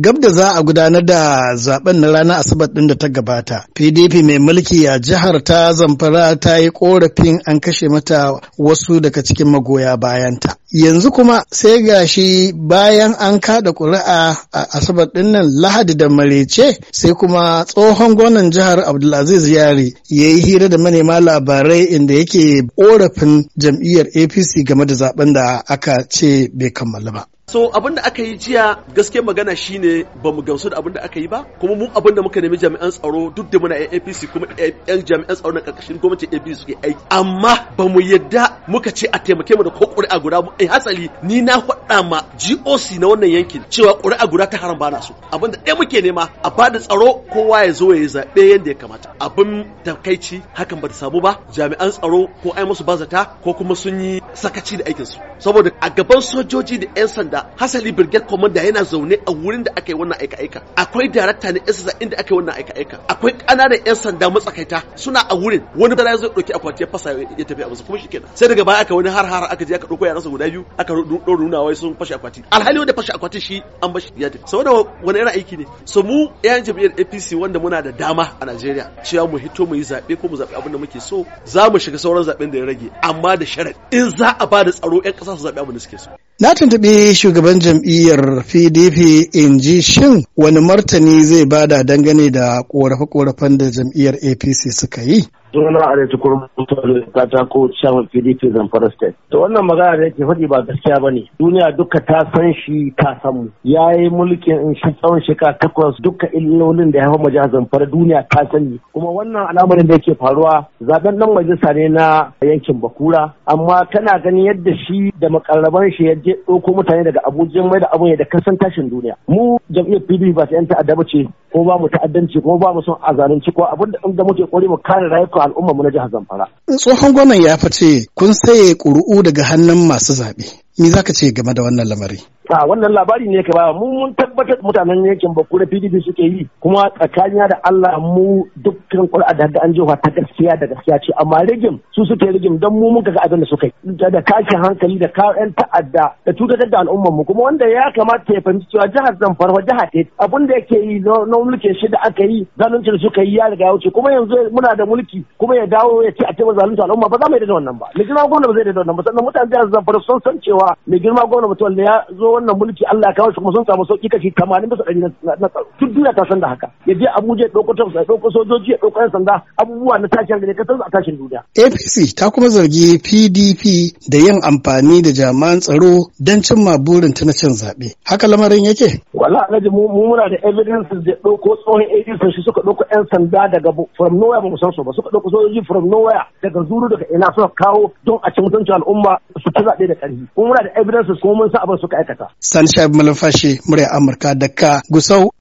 gab da za a gudanar da zaben na ranar asabar din da ta gabata pdp mai mulki a jihar ta zamfara ta yi korafin an kashe mata wasu daga cikin magoya bayanta yanzu kuma sai ga shi bayan an kada ƙuri'a a asabar din nan lahadi da marece sai kuma tsohon gwanan jihar abdulaziz yari ya yi hira da manema labarai inda yake korafin jam'iyyar apc game da zaben da aka ce bai kammala ba So abin da aka yi jiya gaske magana shine ba mu gamsu da abin da aka yi ba kuma mu abin da muka nemi jami'an tsaro duk da muna APC kuma yan jami'an tsaro na karkashin gwamnatin APC suke aiki amma ba mu yadda muka ce a taimake mu da ko ƙuri'a guda mu ai hasali ni na faɗa ma GOC na wannan yankin cewa ƙuri'a guda ta haram bana so abin da ɗaya muke nema a ba da tsaro kowa ya zo ya yi zaɓe yadda ya kamata abin takaici hakan ba ta samu ba jami'an tsaro ko ai musu bazata ko kuma sun yi sakaci da aikinsu saboda a gaban sojoji da 'yan sanda hasali brigade commander yana zaune a wurin da aka yi wannan aika-aika akwai darakta na 'yan sanda inda aka yi wannan aika-aika akwai ƙananan 'yan sanda matsakaita suna a wurin wani dara zai ɗauki akwati ya fasa ya tafi a musu kuma shikenan sai daga baya aka wani har har aka je aka ɗauko yaransa guda biyu aka ɗora nuna wai sun fashe akwati alhali wanda fashe akwati shi an bashi ya tafi saboda wani irin aiki ne so mu 'yan jam'iyyar APC wanda muna da dama a Najeriya cewa mu hito mu yi zaɓe ko mu zaɓi abin da muke so za mu shiga sauran zaɓen da ya rage amma da sharadi in za a ba da tsaro 'yan ƙasa su zaɓi abin da suke so. Na tuntuɓi shugaban jam'iyyar PDP in ji shin wani martani zai bada dangane da ƙorafe-ƙorafen da jam'iyyar APC suka yi? suna a da tukur mutane katako chairman pdp zamfara state to wannan magana da yake faɗi ba gaskiya ba ne duniya duka ta san shi ta san mu ya yi mulkin in shi tsawon shekara takwas duka illolin da ya haifar majalisa zamfara duniya ta sani kuma wannan al'amarin da yake faruwa zaben nan majalisa ne na yankin bakura amma kana ganin yadda shi da makarraban shi ya je ɗauko mutane daga abuja mai da abun ya da kasan tashin duniya mu jam'iyyar pdp ba ta yan ta'adda ce ko ba mu ta'addanci ko ba mu son a zalunci ko abin da inda muke kore mu kare rayukan al'umma mu na jihar Zamfara. Tsohon gwamnan ya fice kun saye ƙuri'u daga hannun masu zaɓe. Me zaka ce game da wannan lamari? a wannan labari ne ka ba mu mun tabbatar mutanen yankin bakura pdp suke yi kuma tsakanin da allah mu dukkan ƙura da an jefa ta gaskiya da gaskiya ce amma rigim su suke rigim don mu muka ga abin da suka yi da kashin hankali da kayan ta'adda da cutar da al'ummar mu kuma wanda ya kamata ya fahimci cewa jihar zamfara jiha ta. abin da yake yi na mulki shi da aka yi zalunci da suka yi ya riga ya wuce kuma yanzu muna da mulki kuma ya dawo ya ce a taimaka zalunci al'umma ba za mu yi da wannan ba mai girma gwamna ba zai da wannan ba sannan mutanen jihar zamfara sun san cewa mai girma gwamna mutum ya zo wannan mulki Allah ya kawo shi kuma sun samu sauki kashi 80 bisa 100 na tsaro duk duniya ta san da haka ya je Abuja ya dauko tafsa ya dauko sojoji ya dauko sanda abubuwa na tashin ne ka san a tashin duniya APC ta kuma zargi PDP da yin amfani da jami'an tsaro don cimma burin ta na cin zaɓe haka lamarin yake wala alhaji mu muna da evidence da ɗauko tsohon ADC shi suka doko 'yan sanda daga from nowhere ba mu san su ba suka doko sojoji from nowhere daga zuru daga ina suka kawo don a cikin mutuncin al'umma su ci zaɓe da ƙarfi mu muna da evidence kuma mun san abin suka aikata. Sanshaib Malumfashi murya Amurka daga Gusau